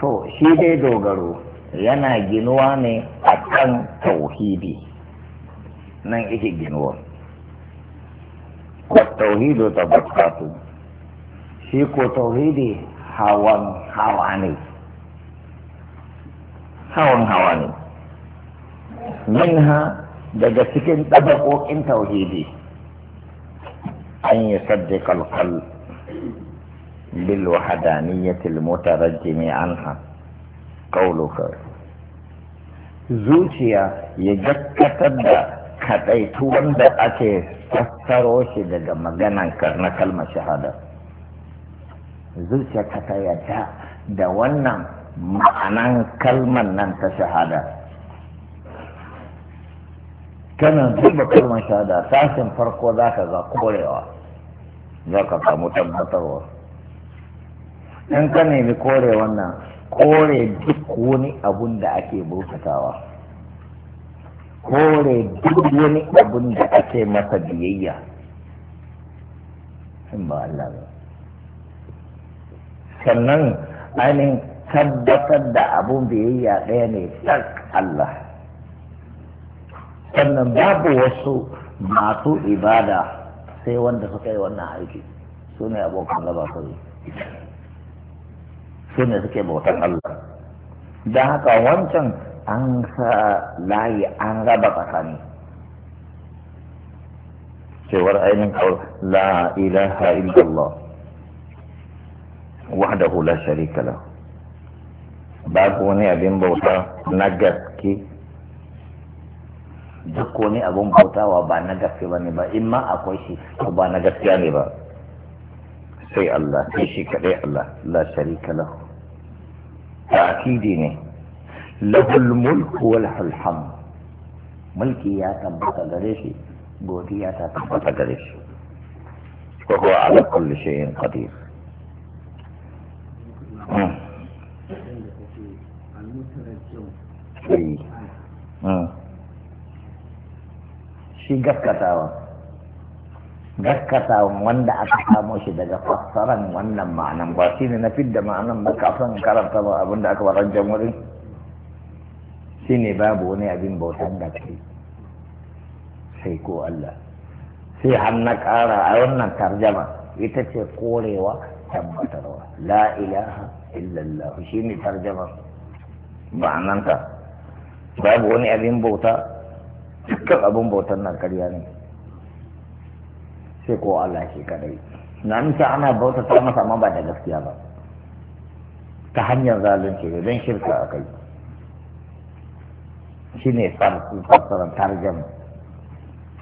to shi dai dogaro yana ginuwa ne a kan tauhidi nan ike ginuwa ko tauhido ta bakatu shi ko tauhidi hawan hawa ne hawan hawa ne minha daga cikin ɗabaƙoƙin tauhidi an yi saddika alƙal للوحدانية المترجم عنها قولك zuciya ya jakkatar da kaɗaitu wanda ake tattaro shi daga magananka na kalmar shahada zuciya ta yadda da wannan ma'anan kalmar nan ta shahada kana duba kalmar shahada tashin farko za ka za korewa za ka samu tabbatarwa in ka nemi kore wannan kore duk wani abun da ake bautatawa kore duk wani abun da ake masa biyayya in ba Allah ba sannan ainihin tabbatar da abun biyayya ɗaya ne tak Allah sannan babu wasu masu ibada sai wanda suka yi wannan aiki su ne abokan gaba su ne suke bautar Allah don haka wancan an sa layi an raba tsakani cewar ainihin la ilaha illallah wahdahu la sharika lahu babu wani abin bauta na gaske duk wani abin bautawa ba na gaske ba ne ba in ma akwai shi ko ba na gaskiya ne ba sai Allah sai shi kaɗai Allah la sharika lahu ta'kidi ne lahul mulk wal hulham mulki ya tabbata gare shi godiya ta tabbata gare shi ko ko ala kulli shay'in qadir hmm. Eh. Hmm. shi gaskatawa gaskata wanda aka samo shi daga fassaran wannan ma'anan ba shi ne na da ma'anan ba kafin karanta ba abin da aka waran jamurin shi ne babu wani abin bautan da ke sai ko Allah sai har na ƙara a wannan tarjama ita ce korewa tabbatarwa la ilaha illallah shi ne tarjama ma'ananta babu wani abin bauta dukkan abin bautan nan karya ne sai ko Allah shi kadai na nisa ana bauta ta masa amma ba da gaskiya ba ta hanyar zalunci da don shirka a kai shi ne tsarsarar tarjama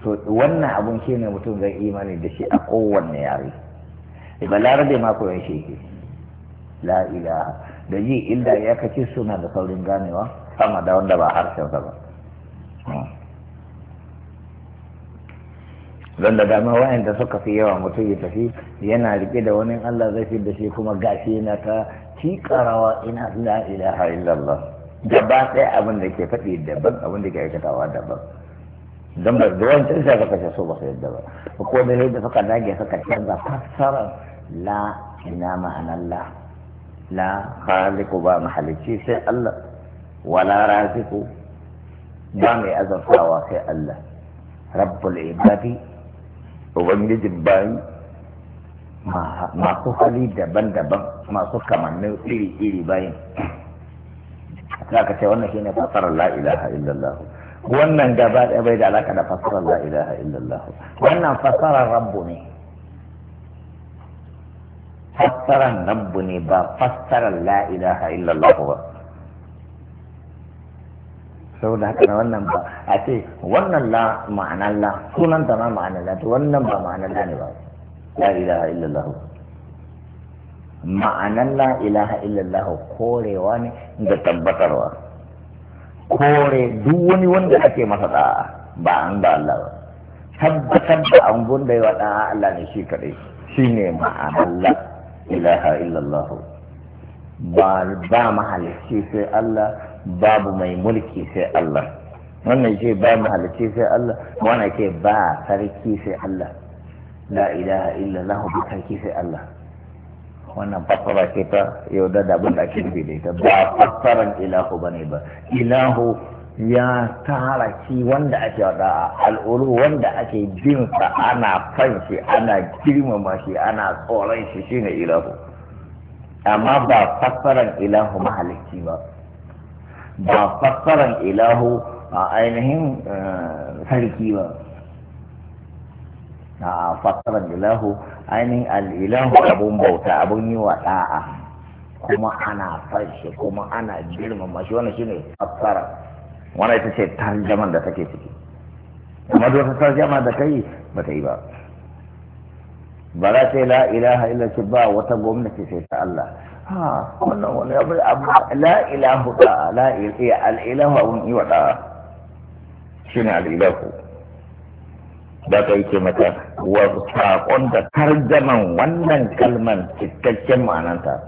to wannan abun shi ne mutum zai imani da shi a kowanne yare balarabe ma koyon shi ke la ilaha da ji illa ya kace suna da saurin ganewa sama da wanda ba harshen sa ba don da dama wayanda suka fi yawa mutum ya tafi yana rike da wani Allah zai fi da shi kuma gashi yana ta tikarawa ina la ilaha illallah gaba ɗaya abin da ke faɗi daban abin da ke aikatawa daban don ba da wancan sai suka ce so ba su yadda ba ko da yadda suka dage suka canza fassarar la ina ma'anallah la khaliqu ba mahalicci sai Allah wala raziqu ba mai azabtawa sai Allah rabbul ibadi ubangijin bayi masu hali daban-daban masu kamannin iri-iri bayin za ka ce wannan shine fasarar la ilaha illallah wannan gaba ɗaya bai da alaka da fasarar la ilaha illallah wannan fasarar rabbu ne fasarar rabbu ne ba fasarar la ilaha illallah ba saboda haka na wannan ba a ce wannan la ma'anar la sunan ta ma ma'anar la to wannan ba ma'anar la ne ba la ilaha illallah ma'anar la ilaha illallah korewa ne da tabbatarwa kore duk wani wanda ake masa da'a ba an ba Allah ba tabbatar da an gunda yawa da'a Allah ne shi kadai shine ma'anar la ilaha illallah ba ba mahalicci sai Allah babu mai mulki sai Allah wannan ce ba mahalicci sai Allah wannan ce ba sarki sai Allah la ilaha illa lahu bi sarki sai Allah wannan fassara ce ta yauda da abin da ake nufi da ita ba fassaran ilahu bane ba ilahu ya taraki wanda ake wada al'uru wanda ake bin sa ana fan shi ana girmama shi ana tsoron shi shine ilahu amma ba fassaran ilahu mahalicci ba ba fassaran ilahu a ainihin eh, sarki ba a fassaran ilahu ainihin al'ilahu abun bauta abun yi wa da'a kuma ana farshe kuma ana girmama shi ne shine fassara wannan ita ce tarjaman da take ciki kuma duk wata tarjama da yi, ba ta yi ba ba za ta yi la ilaha illa ba wata gwamnati sai ta Allah ha wannan wani abu amma la ilahu da la ilaha al ilahu abun iwa da shine al ilahu da ta yi mata wa saƙon da tarjaman wannan kalman cikakken ma'ananta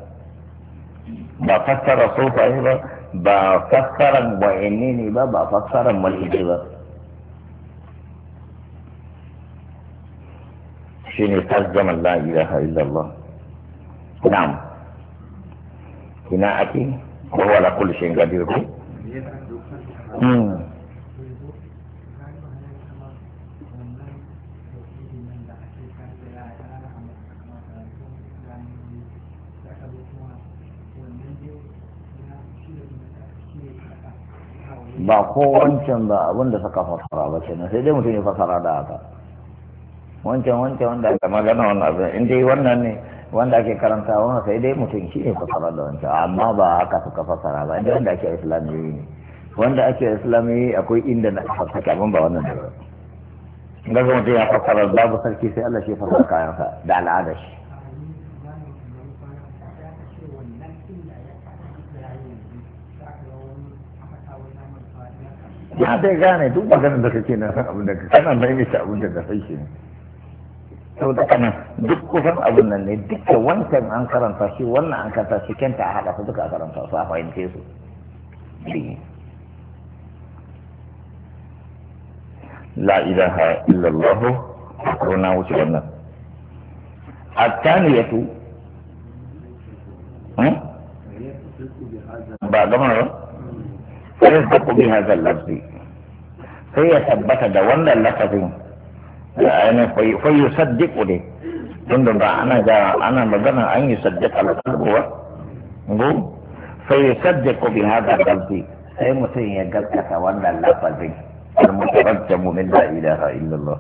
ba fassara sofaye ba ba fassaran wa'anni ne ba ba fassaran mulhidi ba shine tarjaman la ilaha illallah na'am ina ake ko wala kullu shay'in ko hmm. ba ko wancan ba abin da suka fasara ba kenan sai dai mutum ya fasara da haka wancan wancan wanda aka magana wannan abin in dai wannan ne wanda ake karanta wa sai dai mutum shi ne fasara da wancan amma ba haka suka fasara ba inda wanda ake islamiyoyi ne wanda ake islamiyoyi akwai inda na fasaka abin ba wannan da daga mutum ya fasara babu sarki sai Allah shi fasara kayansa da al'adar shi ya dai gane duk maganin da kake nan abin da kana maimaita abin da ka sai shi ne sau da kana duk kusan abin nan ne duka wancan an karanta shi wannan an karanta shi kenta a haɗa su duka a karanta su a fahimce su la ilaha illallah ko na wuce wannan attaniyatu ba gama ba sai ya tabbata da wannan lafazin fayu saddiq dundun da ana ga ana magana an yi saddiq al kalbuwa ngu fayu saddiq bi hada qalbi sai mutum ya galkata wannan lafazin al mutarajja mu'min la ilaha illallah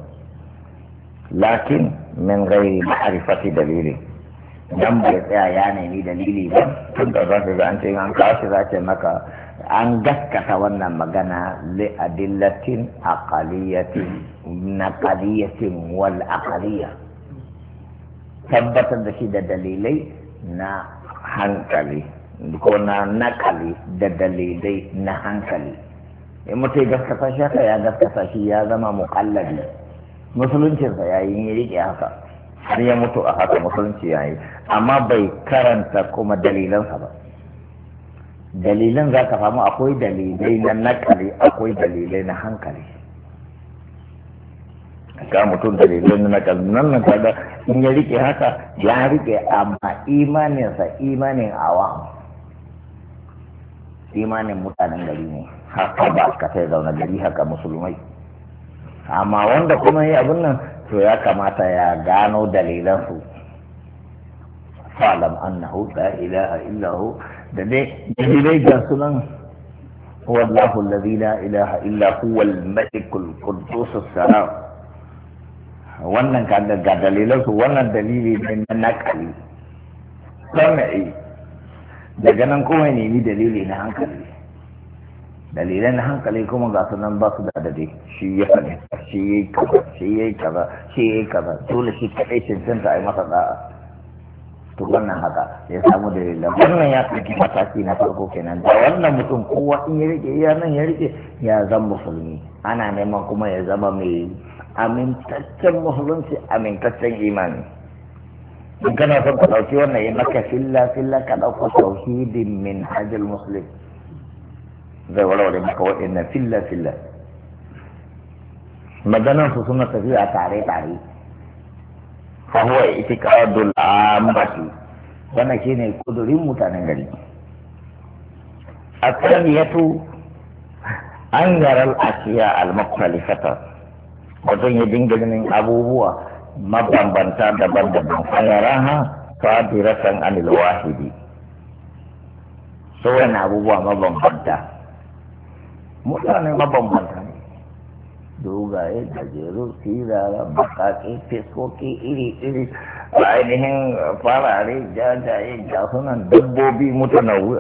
lakin min gairi ma'rifati dalilin dan bai tsaya ya nemi dalili ba tun da za su ga an ce an kashi za ce maka an gaskata wannan magana li adillatin aqaliyatin naqaliyatin wal aqaliya tabbatar da shi da dalilai na hankali ko na nakali da dalilai na hankali in mutu ya gaskata shi haka ya gaskata shi ya zama muƙallabi musuluncinsa yayin ya riƙe haka har ya mutu a haka musulunci ya yi amma bai karanta kuma dalilansa ba dalilan za ka samu akwai dalilai na nakali akwai dalilai na hankali ga mutum dalilai na nakali nan na kaga in ya rike haka ya rike amma imaninsa imanin awa imanin mutanen gari ne haka ba ka sai zaune gari haka musulmai amma wanda kuma yi abin nan to ya kamata ya gano dalilansu falam annahu la ilaha illa hu da dai dalilai ga sunan wallahu alladhi la ilaha illa wal malikul quddus salam wannan ka ga dalilansu wannan dalili ne na nakali sana'i daga nan kuma nemi dalili na hankali dalilan hankali kuma ga su nan ba su da dade shi ya faɗi shi ya yi kaza shi ya yi kaza shi ya yi kaza dole shi kaɗai cancanta a yi masa da'a to wannan haka ya samu dalilan wannan ya ɗauki mataki na farko kenan da wannan mutum kowa in ya rike iya nan ya rike ya zama musulmi ana neman kuma ya zama mai amintaccen musulunci amintaccen imani in kana son ka ɗauki wannan ya maka filla filla ka ɗauka tauhidin min hajjal musulmi zai warware maka waɗannan filla filla maganan su suna tafiya tare tare fa huwa itiqadul ammati wannan shine kudurin mutanen gari asaniyatu an yaral asiya al almakwalifata. wajen ya dinga ganin abubuwa mabambanta daban-daban fayaraha sabiratan anil wahidi so wani abubuwa mabambanta mutane mabambanta ne dogaye gajeru tsirara, bakaƙe fiskoki iri-iri ainihin farare jajaye gasunan dabbobi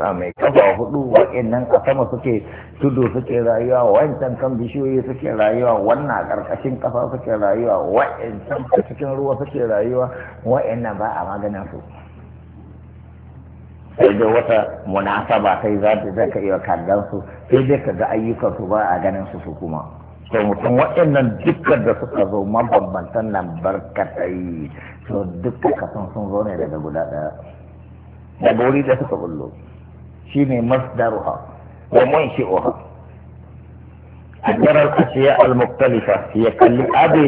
a mai kafa hudu waɗannan a sama suke tudu suke rayuwa wancan kan bishiyoyi suke rayuwa wannan ƙarƙashin ƙasa suke rayuwa waɗancan cikin ruwa suke rayuwa nan ba a maganin su sai dai wata munasaba sai za ta zaka iya kallon su sai dai ka ga ayyukan su ba a ganin su su kuma to mutum waɗannan dukkan da suka zo mabambantan nan barkatai to dukkan kasan sun zo ne daga guda ɗaya daga wuri da suka bullo shine masdaruha wa munshi'uha al-muktalifa ya kalli كل أبي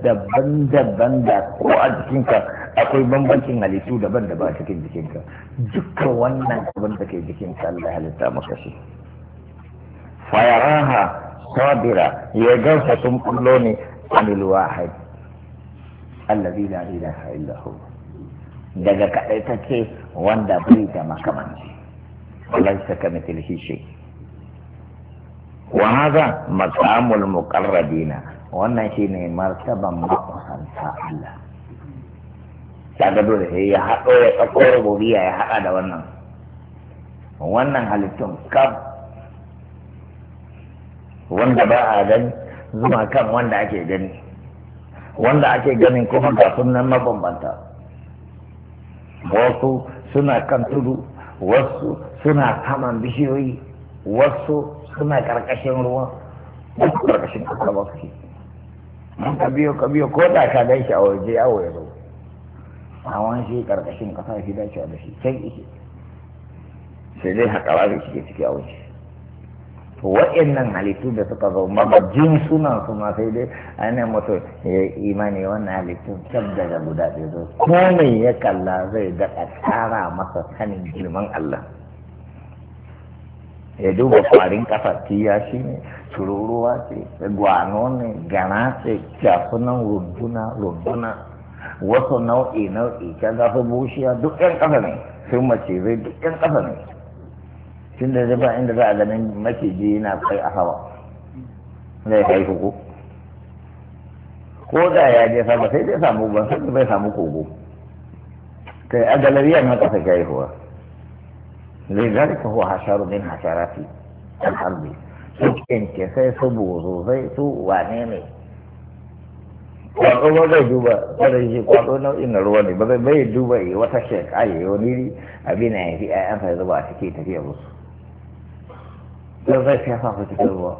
daban-daban da ko a jikinka akwai bambancin halittu daban daban a cikin jikinka dukkan wannan abin da ke jikinka Allah halitta maka shi fayaraha sabira ya gansa sun kullo ne anil wahid allazi la ilaha illa hu daga kadaitacce wanda bai da makamanci wallahi saka mithlihi shay' wa haza maqamul muqarrabina wannan shine martaban makusanta Allah kaga dole sai ya haɗo ya ɗauko rububiyya ya haɗa da wannan wannan halittun kam wanda ba a gani zuma kan wanda ake gani wanda ake ganin kuma ga sunan mabambanta wasu suna kan tudu wasu suna saman bishiyoyi wasu suna karkashin ruwa duk karkashin ƙasa ba su ka biyo ka biyo ko da ka gan shi a waje yawo ya zo wani shi karkashin ƙasa shi dacewa da shi can ishe sai dai haƙara da shi ciki a waje to wa'annan halittu da suka zo jin sunan su ma sai dai ana mutu ya imani wannan halittun can daga guda biyu zo ko mai ya kalla zai ga tsara masa sanin girman Allah ya duba kwarin kafa ya shi ne tururuwa ce gwano ne gana ce kyafunan runduna runduna wasu nau'i nau'i ka gafi bushiya duk yan kasa ne sun mace zai duk yan kasa ne tun da ba inda za a ganin maciji yana kai a hawa zai kai huku ko da ya je sama sai dai samu ban sai bai samu kogo kai agalariya na kasa ga haihuwa لذلك هو حشر من حشرات الأرض cikin ke sai su bozo sai su wane ne kwaɗo ba zai duba kada shi kwaɗo nau'in na ruwa ne ba zai bai duba yi wata shekara yi wani abin ya fi ayan sa zuba a cike tafiya musu don zai fi yasa su ruwa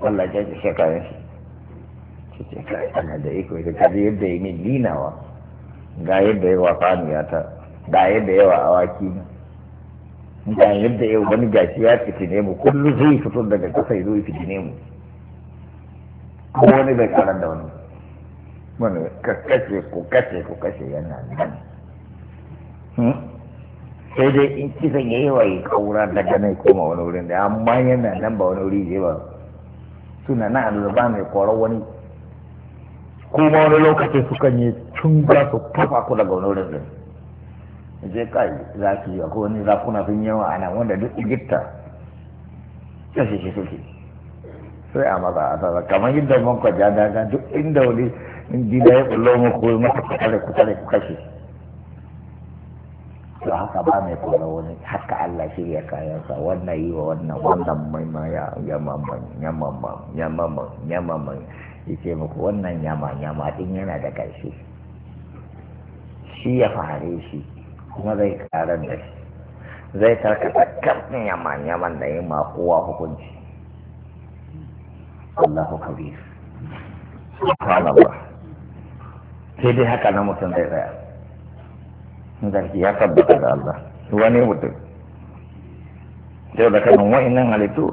wallah ya ce shekarun shi ce kai ana da iko ita kaji yadda ya min dinawa ga yadda ya wa ta, ga yadda yawa awaki na ga yadda yau wani gashi ya fiti ne mu kullum zai fito daga kasa ya zo ya ne mu ko wani bai karar da wani wani ka kashe ko kashe ko kashe yana nan hmm? sai dai in kisan ya yi waye kaura daga nan koma wani wurin da amma yana nan ba wani wuri zai ba suna na alzaba mai korar wani kuma wani lokacin sukan yi tun ba su kafa ku daga wani wurin da. je kai yi ko wani zakuna sun yawa ana wanda duk Egypta ya shi suke sai a maza a tsara kamar yadda mun kwaja daga duk inda wani gida ya bullo mu ko masa kutare tare ku kashe to haka ba mai kula wani haka Allah shirya kayansa wannan yi wa wannan wannan mai ma ya ya mamma ya mamma yake muku wannan yama yama din yana da ƙarshe shi ya fare shi kuma zai karar da shi zai karkata karfin yaman yaman da yi makuwa hukunci Allahu kabir subhanallah sai dai haka na mutum zai tsaya zarki ya tabbata da Allah wani mutum sai da kanin wa'annan halittu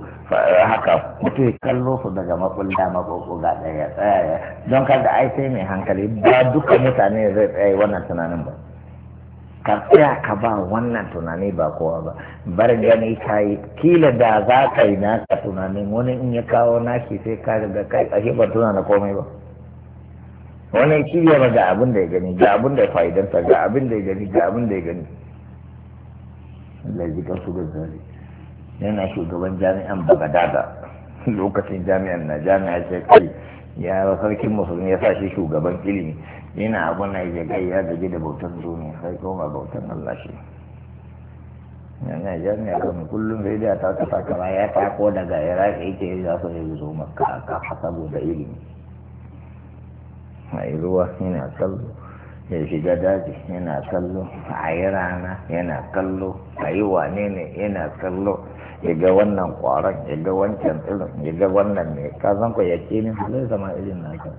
haka mutu ya kallo su daga makulla makokoga daya tsaya don kada ai sai mai hankali ba duka mutane zai tsaye wannan tunanin ba ka tsaya ka ba wannan tunani ba kowa ba bar gani ka yi kila da za ka yi naka tunanin wani in ya kawo naki sai ka daga kai ashe ba tuna da komai ba wani shirya ba ga abin da ya gani ga abin da ya fa'idarsa ga abin da ya gani ga abin da ya gani Allah ya su gaza ne yana shugaban jami'an Bagadada lokacin jami'an na jami'a ce kai ya sarkin musulmi ya sa shi shugaban ilimi yana abun na ya gai ya gaji da bautar duniya sai koma bautar Allah shi yana jan ne kan kullum sai da ta kasa kama ya ko daga iraq yake ya so ya zo maka a saboda ilimi mai ruwa yana kallo ya shiga daji yana kallo a yi rana yana kallo a yi wane ne yana kallo ya ga wannan kwaron ya ga wancan tsirin ya ga wannan ne kazan ku ya ce min halin zama irin naka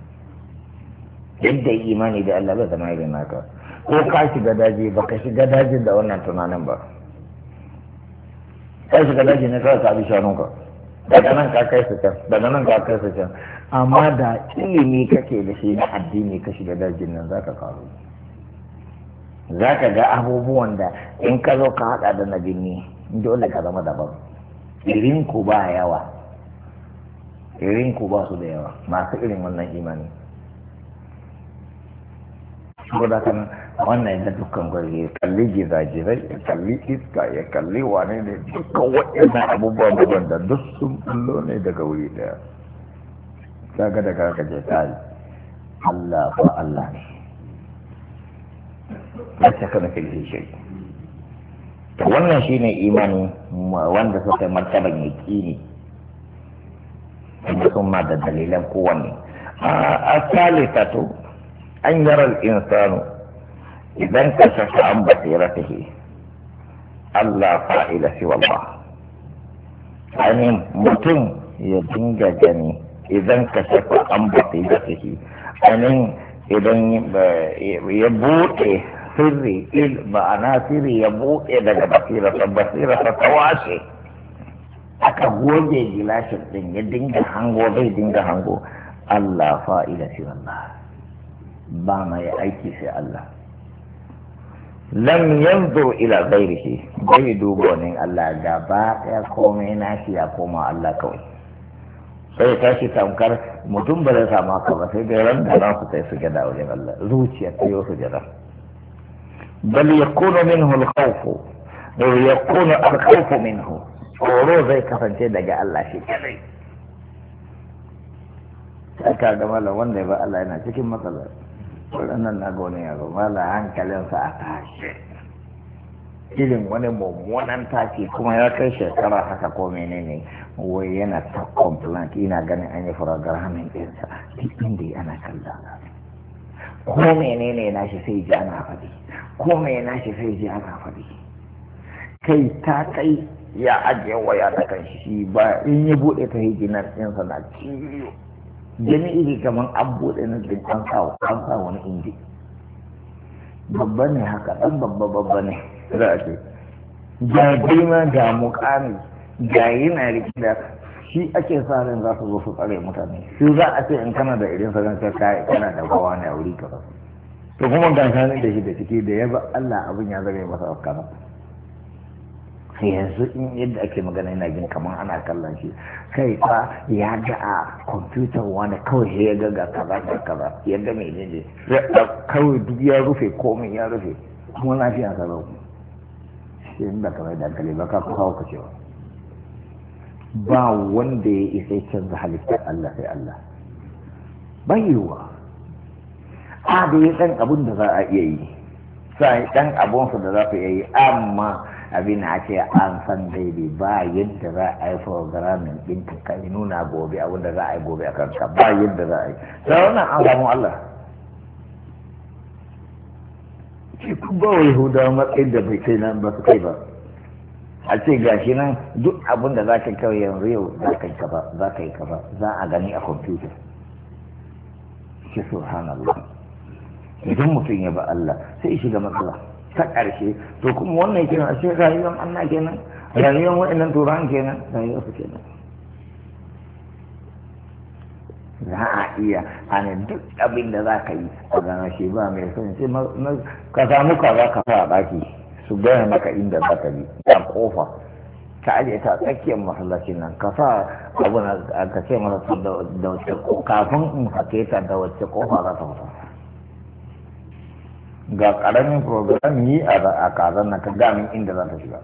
yadda yi imani da Allah bai zama irin naka ko ka shiga daji ba ka shiga dajin da wannan tunanin ba ka shiga daji ne kawai ka bi shanunka daga nan ka kai su can daga nan ka kai su can amma da ilimi kake da shi na addini ka shiga dajin nan za zaka karu ka ga abubuwan da in ka zo ka haɗa da na binni dole ka zama daban irin ku ba yawa irin ku ba su da yawa masu irin wannan imani saboda kan wannan yana dukkan gwarge ya kalli gizagizai ya ya kalli ne dukkan waɗannan abubuwan daban da duk sun kullo na shi to wannan shine imani wanda suka martaban yaqini kuma sun ma da dalilan kowanne a an yara Insanu, idan ka shafa an ke, Allah fa'ila siwa Allah ainihin mutum ya dinga gani idan ka shafa an ta ke, ainihin idan eh, ya buɗe sirri il ma'ana sirri ya buɗe daga ta basira ta washe aka goge gilashin ɗin ya dinga hango zai dinga hango Allah fa'ila siwa Allah ba mai aiki sai Allah lam yanzu ila ghairihi bai duba wani Allah ba ya koma ina shi, ya koma Allah kawai sai shi tamkar mutum ba zai samu haka ba sai dai ran da ran su kai sujada wajen Allah zuciya ta yi gada bal yakunu minhu al bal wa yakunu al min minhu tsoro zai kasance daga Allah shi kadai sai ka ga malam wanda ya ba Allah yana cikin matsalar. waɗannan na gone yaro mala hankalinsa a tashi irin wani mummunan taki kuma ya kai shekara haka ko menene wai yana ta complaint ina ganin an yi furagar hannun ɗinsa duk inda ana kalla ko menene na shi sai ji ana faɗi ko mai na shi sai ji ana faɗi kai ta kai ya ajiye waya ta kan shi ba in ya buɗe ta hijinar ɗinsa na ciwo jini iri kamar an buɗe na jin an sa an sa wani inji babba ne haka ɗan babba babba ne za a ce ga girma ga mukami ga yana rikida shi ake sa ran za su zo su tsare mutane shi za a ce in kana da irin sa ka kai kana da gawa ne a wuri ka to kuma ganka ne da shi da ciki da yaba Allah abin ya zare masa kaza yanzu in yadda ake magana yana jin kamar ana kallon shi sai fa ya ga a kwamfutar wani kawai sai ya ga ga kaza da kaza ya ga mai ne kawai duk ya rufe komai ya rufe kuma lafiya ka zau shi in da kamar dankali ba ka kawo ka cewa ba wanda ya isa canza halittar Allah sai Allah bayewa a da ya ɗan abun da za a iya yi sai ɗan abunsa da za su iya yi amma abin ake an san daidai ba yadda za a yi programin din ka kai nuna gobe abin da za a yi gobe a kanka ba yadda za a yi da wannan an samu Allah ce ku ba wa yahuda matsayin da bai kai nan ba su kai ba a ce gashi nan duk abin da za ka kawai yanzu yau za ka yi kaza za ka yi za a gani a kwamfuta hana subhanallah idan mutum ya ba Allah sai shiga matsala ta ƙarshe to kuma wannan kenan a cikin rayuwar Allah kenan rayuwar wa'annan turan kenan rayuwar su kenan za a iya ana duk abin da za ka yi a gana shi ba mai son sai ka samu ka za ka fara baki su gaya maka inda za ka bi ta kofa ta aje ta tsakiyar masallacin nan ka sa abu na ka ce masa da wacce kafin in hake ta da wacce kofa za ta fita ga karamin program yi a kazan na ka gamin inda za ta shiga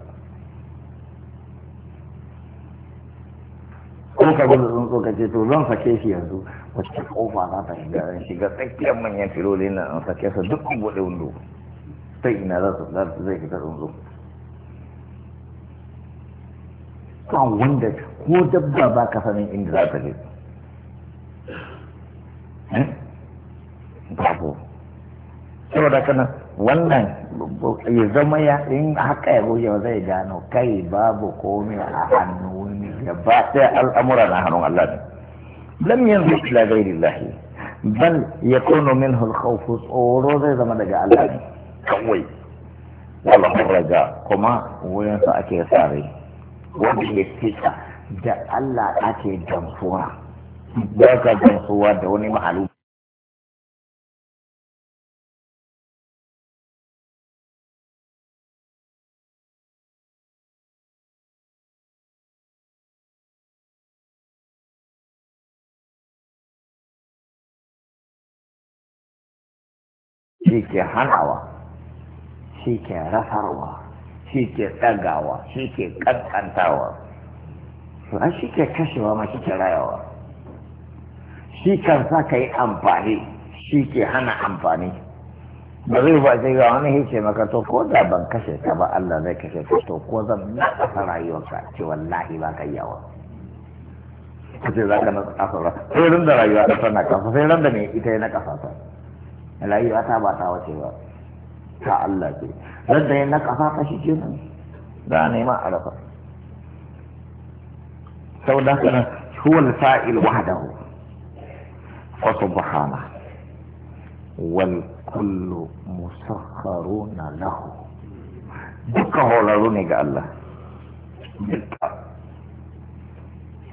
ko ka gudu tsuntsu ka ce to zan sake shi yanzu wacce kofa za ta shiga zan shiga tsakiyar manyan filolin na an sake su duk an buɗe wando sai ina za su zai fita tsuntsu kan wanda ko dabba ba ka sanin inda za ta je da kana wannan ya zama ya in haka ya goge ba zai gano kai babu komai a hannu ne ba ɗaya al'amura na hannun Allah ne lam yanzu ila ghairillah bal ya minhu al-khawf tsoro zai zama daga Allah ne kawai wala raja kuma wurin sa ake sare wanda ya fita da Allah ake gamsuwa ba ka gamsuwa da wani mahalu shi ke hanawa shi ke rasarwa shi ke ɗagawa shi ke ƙanƙantawa sannan shi ke kashewa ma shi ke rayawa shi kan sa ka yi amfani shi ke hana amfani ba zai ba zai ga wani hice maka to ko da ban kashe ka ba Allah zai kashe ka to ko zan na ƙasa rayuwarka ce wallahi ba ka yawa kace za ka na ƙasa ba sai ran da rayuwa ta na kafa sai ran da ne ita ya na kafa. ta rayuwa ta ba ta wace ba ta Allah ce radda na kafa ka shi kenan da nema a rafa sau da kana huwal fa'il wahdahu wa subhana wal kullu musakharuna lahu duka holaru ne ga Allah duka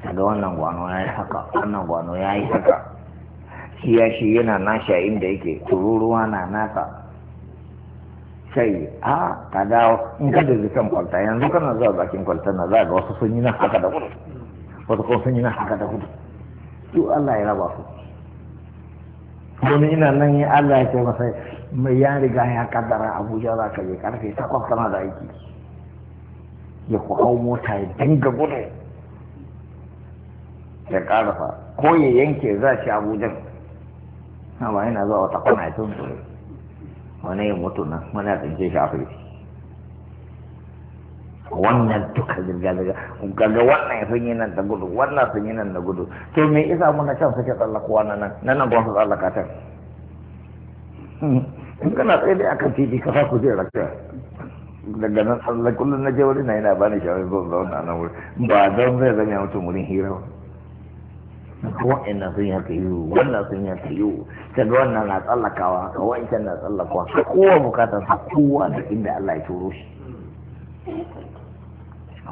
daga wannan gwano ya yi haka wannan gwano ya yi haka kiyashi yana nasha inda yake tururuwa na nasa sai a ka dawo in ka da zikan kwalta yanzu kana zuwa bakin kwalta na za ga wasu sun yi nan haka da gudu wasu kuma sun yi nan haka da gudu su Allah ya raba su domin ina nan yi Allah ya ce masa mai ya riga ya kaddara Abuja za ka je karfe takwas kana da aiki ya ku hau mota ya dinga gudu ya karfa ko ya yanke za shi Abuja amma yana zuwa wata kwana ya tunzu wani ya mutu nan wani ya tsince shi a firki wannan duka zirga-zirga gaga wannan ya sun yi nan da gudu wannan sun yi nan da gudu to me isa muna can suke tsallakuwa na nan na nan gwamnati tsallaka can in kana tsaye da aka titi ka fa ku zai rakka daga nan tsallakullun na je wuri na yana bani shawarar zuwa zaune a nan wuri ba don zai zama mutum wurin hira ba wa'annan sun yi haka yiwu wannan sun yi haka yiwu ta ga wannan na tsallakawa haka wancan na tsallakawa ta kowa bukatar su kowa da inda Allah ya turo shi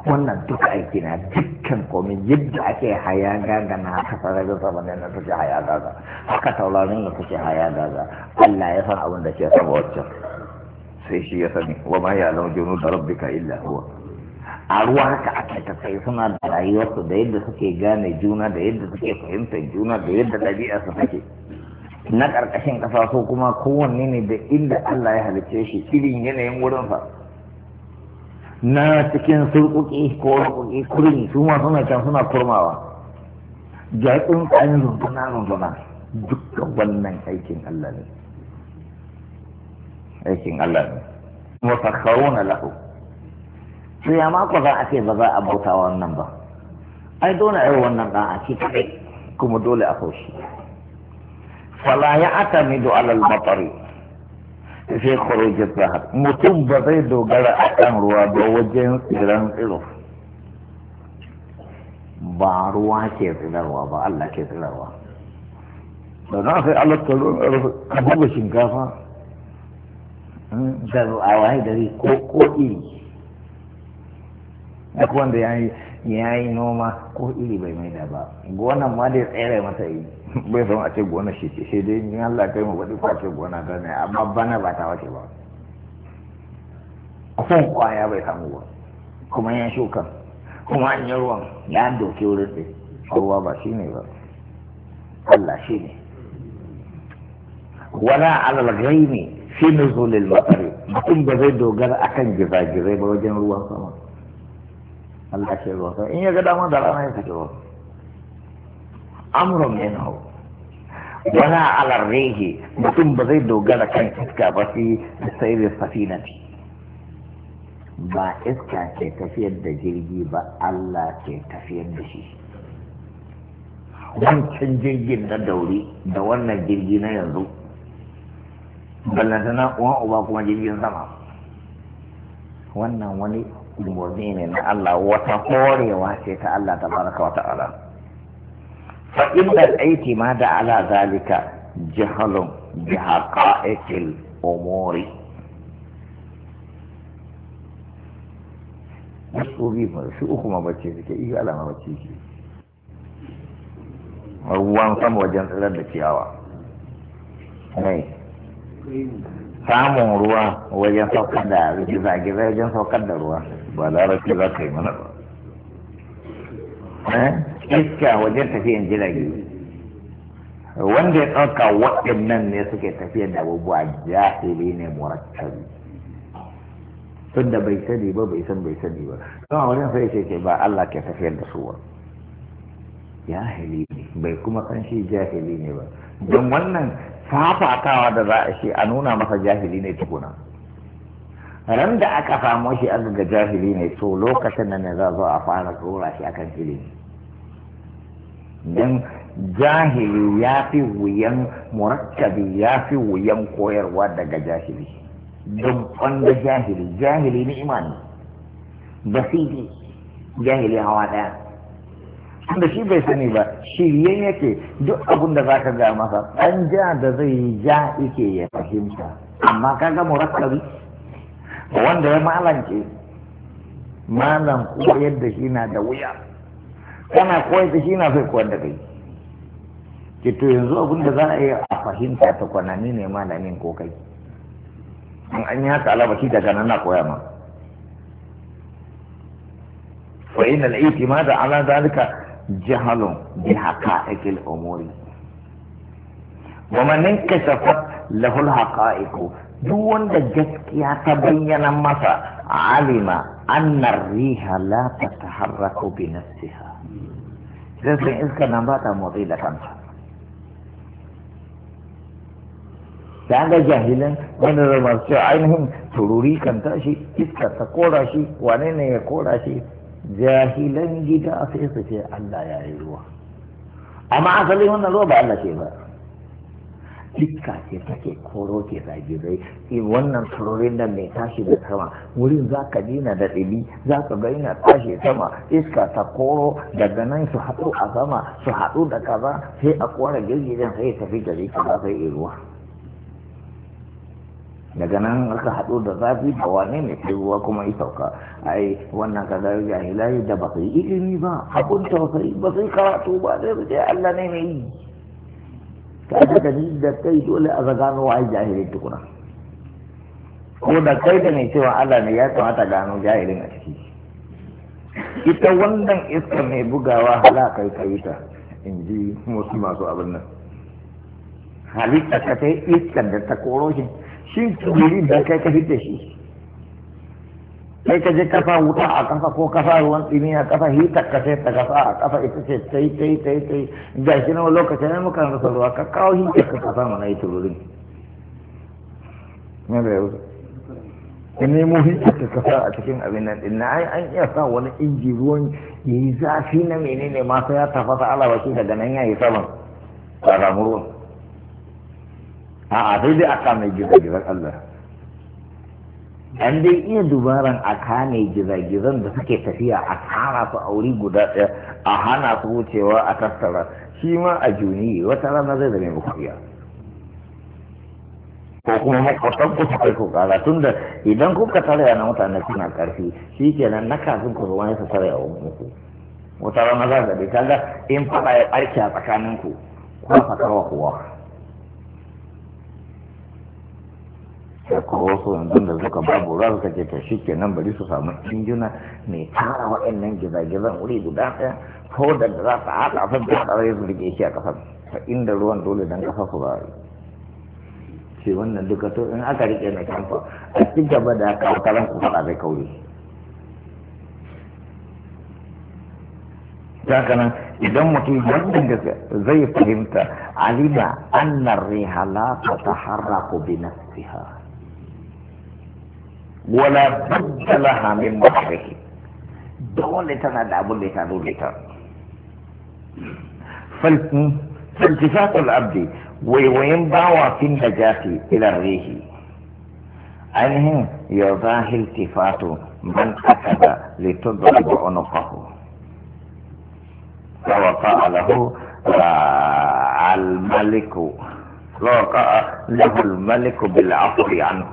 wannan duka aiki na dukkan komai yadda ake haya gaga na haka sararin saman na suke haya gaga haka taurarin na suke haya gaga Allah ya san abin da ke saba wancan, sai shi ya sani wa ma ya zama junu da rabbi ka illa huwa a ruwa haka aka kai suna da rayuwarsu da yadda suke gane juna da yadda suke fahimtar juna da yadda ɗabi'a su take na ƙarƙashin ƙasa so kuma kowanne ne da inda Allah ya halicce shi irin yanayin wurinsa na cikin surƙuƙi ko surƙuƙi kurin su ma suna can suna kurmawa ga tsuntsayen rumbuna rumbuna dukkan wannan aikin Allah ne aikin Allah ne na lahu to ya mako za a ce ba za a bauta wannan ba ai dole a yi wannan ɗan a ci kaɗai kuma dole a kaushi fala ya atamidu alal matsari sai kurojin har. mutum ba zai dogara a kan ruwa ba wajen tsiran tsiro ba ruwa ke tsirarwa ba Allah ke tsirarwa da na sai Allah ta ka buga shinkafa hmm, da a waye dare ko ko iri duk wanda ya yi noma ko iri bai mai da ba gonan ma dai tsere mata yi bai zama a ce gona shi ce sai dai in Allah kai mu baɗi kwace gona ta ne amma bana ba ta wace ba kun kwaya bai samu ba kuma ya shuka kuma an yi ruwan ya doke wurin ɗin ruwa ba shi ne ba Allah shi ne wala alal ghaimi fi nuzulil matari mutum ba zai dogara akan gizagizai ba wajen ruwan sama Allah ke ruwa in ya ga dama da rana ya fito amrun min hau wala alar rehe mutum ba zai dogara kan iska ba sai sai da safinati ba iska ke tafiyar da jirgi ba Allah ke tafiyar da shi wancan jirgin na dauri da wannan jirgi na yanzu ballantana uwa uba kuma jirgin sama wannan wani ilmomi ne na Allah wata horewa ce ta Allah ta baraka wata ala fa inda aiki ma da ala zalika jahalun bi haqa'iqil umuri wasu bi ma su uku ma bace suke iya ala ma bace shi ruwan sama wajen tsirar da ciyawa mai samun ruwa wajen saukar da zage-zagen saukar da ruwa ba larabci za ka yi mana ba eh? iska wajen tafiyan jirage wanda ya ɗauka waɗannan ne suke tafiyan da abubuwa jahili ne murattabi tun da bai sani ba bai san bai sani ba don wajen sai ce ce ba Allah ke tafiyar da su ba jahili ne bai kuma san shi jahili ne ba don wannan fafatawa da za a shi a nuna masa jahili ne tukuna. ran da aka samu shi aka ga jahili ne to lokacin nan ne za zo a fara tsora shi akan ilimi don jahili ya fi wuyan murakkabi ya fi wuyan koyarwa daga jahili don wanda jahili jahili ni imani basiri jahili hawa daya da shi bai sani ba shirye yake duk abin da za ka ga masa ɗan ja da zai ja yake ya fahimta amma kaga murakkabi wanda ya malance malam koyar da shi na da wuya kana koyar da shi na sai koyar da kai ke to yanzu abin da za a yi a fahimta ta kwanani ne malamin ko kai in an yi haka alabashi daga nan na koya ma fa inna ma da ala dhalika jahalun bi haqa'iqil umuri wa man inkashafat lahu al-haqa'iqu duk wanda gaskiya ta bayyana masa alima annar riha la harrako, bi nafsiha dan iska nan ba ta motsi da kanta ta ga jahilin wani ramar cewa ainihin tururi kan tashi iska ta kora shi wane ne ya kora shi jahilan gida sai su ce Allah ya yi ruwa amma asali wannan ruwa ba Allah ce ba dukka ce take koro ke zagirai eh, wannan turorin da mai tashi da sama wurin za ka dina da ɗili za ka ga yana tashi sama iska ta koro daga nan su haɗu a sama su haɗu da kaza sai a kora girgijen sai ya tafi gari kaza sai ya ruwa daga nan aka haɗu da zafi da wane ne sai ruwa kuma ya sauka ai wannan kaza jahilai da ba su yi ilimi ba abun tausayi ba su karatu ba sai su ce Allah ne mai yi ka daga ji da kai dole a zagano wa jahilin tukuna ko da kai da mai cewa Allah ne ya kamata gano jahilin a ciki ita wannan iska mai bugawa hala kai kai ta in ji musu masu abin nan halitta ka ta iskan da ta koro shi shi da kai ka hidda shi kai ka je kafa wuta a kafa ko kafa ruwan tsini a kafa hita ka sai ta kafa a kafa ita ce tai tai tai tai ga shi na lokacin ne muka rasa ruwa ka kawo hita ka kafa mana ita wurin ne da yau ka nemo hita ka kafa a cikin abin nan din ai an iya sa wani inji ruwan yi zafi na menene ma sai ya tafasa ala baki daga nan ya saman ka samu ruwan a'a sai dai aka mai gida gidan Allah an dai iya dubaran a kane gizagizan da suke tafiya a tara su a wuri guda ɗaya a hana su wucewa a tattara shi ma a juni wata rana zai zame muku iya ko kuma makwatan ku kai ku kara tunda idan kuka tare na mutane suna ƙarfi shi nan na kafin ku zuwa su tare a muku wata rana za ka ga in faɗa ya ɓarke a tsakaninku ku fa kawa kowa da kuma wasu yanzu da suka babu ruwa suka ce to shi kenan bari su samu injuna mai tara waɗannan gizagizan wuri guda ɗaya ko da za su haɗa sun ta haɗa su rike shi a ƙasar ta inda ruwan dole dan ƙasa su ba ce wannan duka to in aka rike mai kamfa a ci gaba da kawakaran ku faɗa zai kauri haka idan mutum wannan gaske zai fahimta alima annar rihala ta taharraku bi nafsiha ولا بد لها من محره دولة تنادى بلتا دولتا فالتفات العبد ويوين باوى في النجاة إلى الريح أنه يضاه التفات من أكد لتضرب عنقه فوقع له الملك فوقع له الملك بالعفو عنه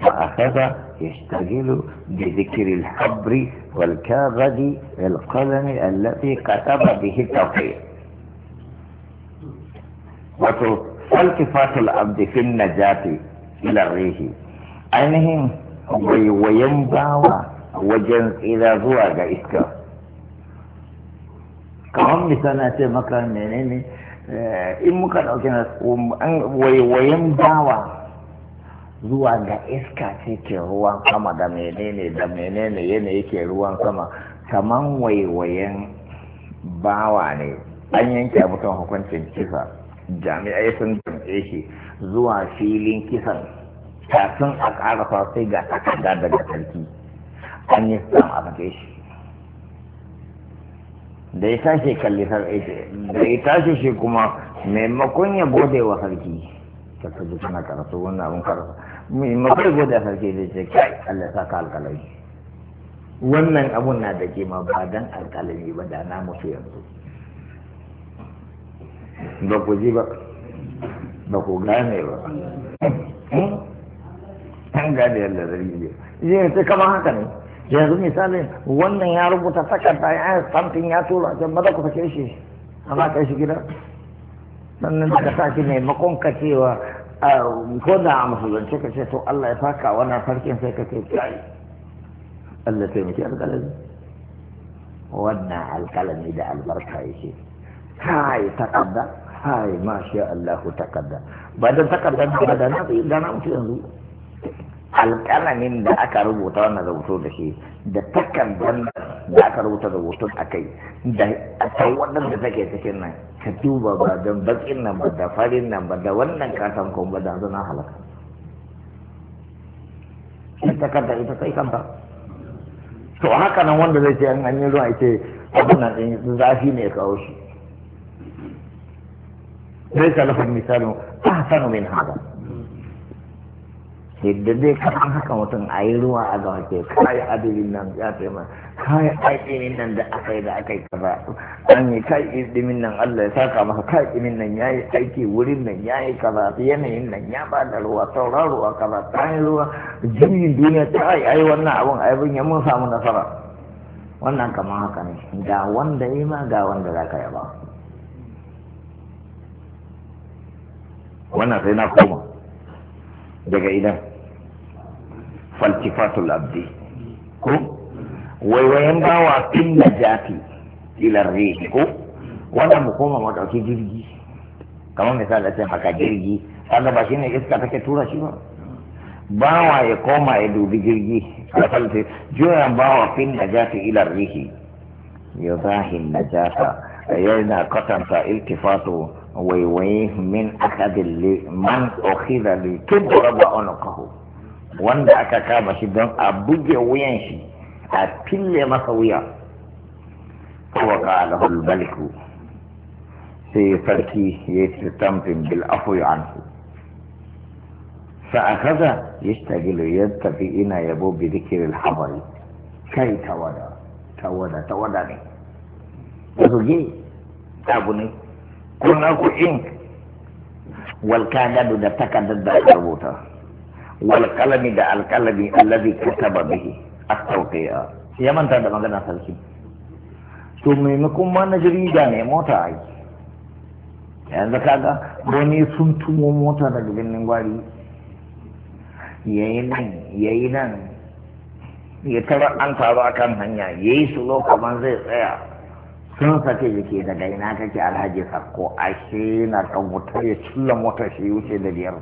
فأخذ يشتغل بذكر الحبر والكاغد القلم الذي كتب به التوحيد والتفات العبد في النجاة إلى الريح أنهم وينبع وجن إلى ذواق إسكا كم مثلا في مكان منين إيه، إن مكان أكنا ويمدعوا zuwa ga iska ce ke ruwan sama da menene da menene yanayi ke ruwan sama kaman waiwayen bawa ne an yanke mutum hukuncin kisa jami'ai sun jam'e shi zuwa filin kisan kafin a ƙara sai ga takarda daga sarki an yi sam a fage shi da ya tashi kalli sarki da ya tashi shi kuma maimakon ya gode wa sarki ka kaji kana karatu wannan abun karatu mai mafi gwada sarki zai ce kai Allah ka alkalami wannan abun na da kima ba dan alkalami ba da na mutu yanzu ba ku ji ba ba ku gane ba an gane yadda ji ne sai kama haka ne yanzu misalin wannan ya rubuta takarda ya yi samfin ya tura can maza ku sake shi amma kai shi gida sannan daga sashi maimakon ka cewa ko da a musulunci ka ce to Allah ya faka wannan farkin sai ka ce kai Allah taimaki alƙalami wannan alƙalami da albarka ya yake kai taƙadda kai masha Allah taƙadda ba don da taƙadda ba da na da na mutu yanzu alƙalamin da aka rubuta wannan rubuto da shi da takardar da da aka rubuta hoton a kai da ta wannan da take cikin nan ka duba ba da bakin nan ba da farin nan ba da wannan katon kuma ba da zana halaka ita kanta ita sai kanta to haka nan wanda zai ce an an zuwa, ruwa ce abin nan din zafi ne ya kawo shi zai ka lafa misalin ahsanu min hada yadda zai kasan haka mutum a yi ruwa a ga wake kai adilin nan ya fi ma kai adilin nan da aka yi da aka yi kaza an yi kayi adilin nan allah ya saka maka kai adilin nan ya yi aiki wurin nan ya yi kaza yanayin nan ya ba da ruwa sauran ruwa kaza ta yi ruwa jirgin duniya ta yi ai wannan abun bin ya mun samu nasara wannan kamar haka ne ga wanda yi ma ga wanda za ka yaba wannan sai na koma daga idan faltifatul labdi ko waiwayen bawa fin najati ilar rihi ko wannan mu koma mu dauki jirgi kamar misali ce haka jirgi kaga ba shine iska take tura shi ba bawa ya koma ya dubi jirgi a falti juyan bawa fin najati ilar rihi ya zahin najata yana kwatanta iltifatu waiwaye min akadin man okhida li kin raba onukahu wanda aka kama shi don a buge wuyan shi a fille masa wuya wa ga al maliku sai sarki ya yi tamfin bil afwi anhu فأخذ يشتغل يتفي kai tawada tawada tawada ne تودا تودا تودا ني وزوجي تابني كنا كو إنك والكادد دا تكدد دا rubuta da ده القلم الذي كتب به التوقيع ya manta da magana sarki to maimakon ma na da ne mota ai yanzu kaga wani sun tumo mota daga birnin gwari yayi nan yayi nan ya tara an taro a kan hanya ya yi su lokacin zai tsaya sun sake jiki da ina kake alhaji sakko ashe na kan wuta ya cilla mota shi wuce da biyar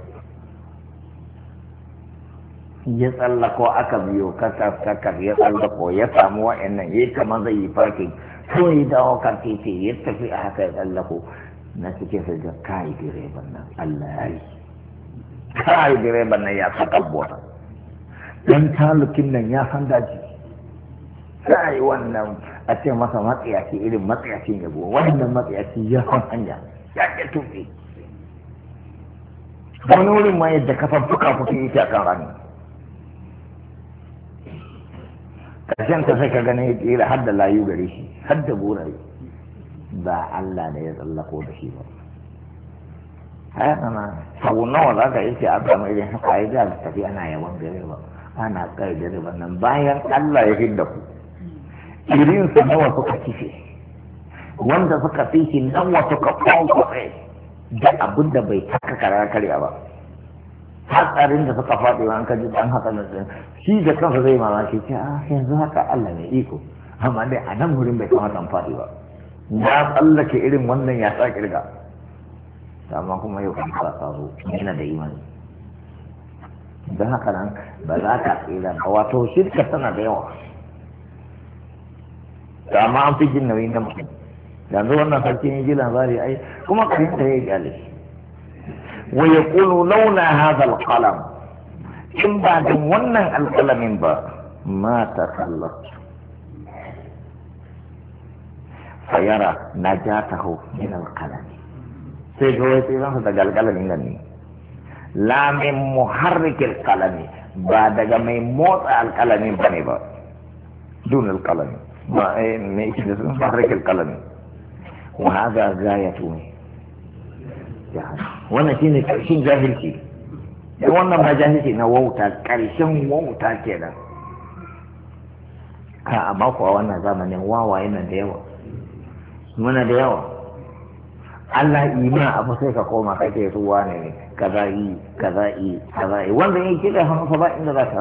ya tsallako aka biyo kasa kakaf ya tsallako ya samu wa'annan ya kama zai yi farki ko ya dawo kan ce ya tafi a haka ya tsallako na cikin sai ga kai direban nan Allah ya yi kai direban nan ya saka bota dan talukin nan ya san daji kai wannan a ce masa matsayaci irin matsayacin yabo wannan matsayaci ya san hanya ya ke tufi wani wurin ma yadda kafa fuka fukin yake a kan rani karshen ta sai ka gani kila har da layu gare shi har da ba Allah ne ya tsallako da shi ba haya na sau nawa za ka yake a samu irin haka ai da tafi ana yawan gare ba ana kai gare ba nan bayan Allah ya hidda ku irin su nawa suka kife wanda suka fi shi nawa suka kwankwatsa da abin da bai taka karar karya ba hatsarin da suka faɗi wa an ka ji an haka nan shi da kansa zai mamaki ce a yanzu haka Allah ne iko amma dai a nan wurin bai kamata an faɗi ba ya tsallake irin wannan ya sa kirga amma kuma yau kan sa sabo yana da imani don haka nan ba za ka tsira ba wato shirka tana da yawa da amma an fi jin nauyin da mutum yanzu wannan sarki ne ji zari ai kuma karin da ya gyale ويقول لولا هذا القلم إن بعد ونن القلم با ما تخلص فيرى نجاته من القلم سيجوه سيجوه قال قلم إنني لا من محرك القلم بعد ما موت القلم بني با دون القلم ما إيه، محرك القلم وهذا غايته jihar wannan ne karshen jahilci da wannan ba jahilci na wauta karshen wauta kenan ka a mako a wannan zamanin wawaye nan da yawa muna da yawa Allah ima abu sai ka koma kake ruwa ne kaza yi kaza yi kaza yi wanda ya kira hannu ba inda za ka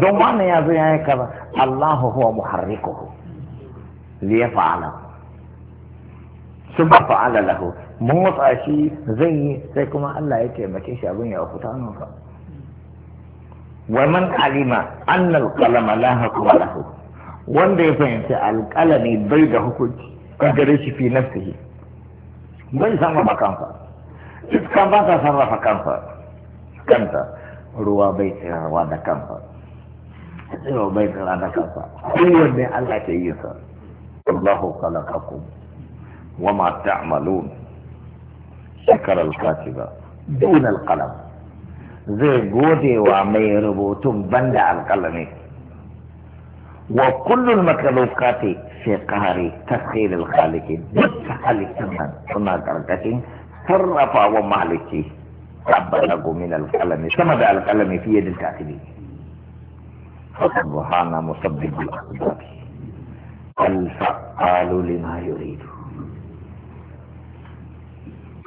don wannan ya zo ya yi kaza Allahu huwa muharrikuhu li yaf'ala sun ba fa'ala lahu motsa shi zan yi sai kuma Allah ya taimake shi abin ya fita hannunka wa man alima annal qalama la hukma lahu wanda ya fahimci alƙalami bai da hukunci gare shi fi nafsihi bai sarrafa kansa iska ba ta sarrafa kansa kanta ruwa bai tsirawa da kansa tsiro bai tsira da kansa kowanne Allah ke yi sa Allahu khalaqakum وما تعملون شكر الكاتب دون القلم زي جودي ومي ربوتون بند على القلم وكل المكلوفات في قهر تسخير الخالق خالق تمام صنع كركتين صرف ومالكي ربنا من القلم سمد القلم في يد الكاتب سبحان مسبب الاسباب الفعال لما يريد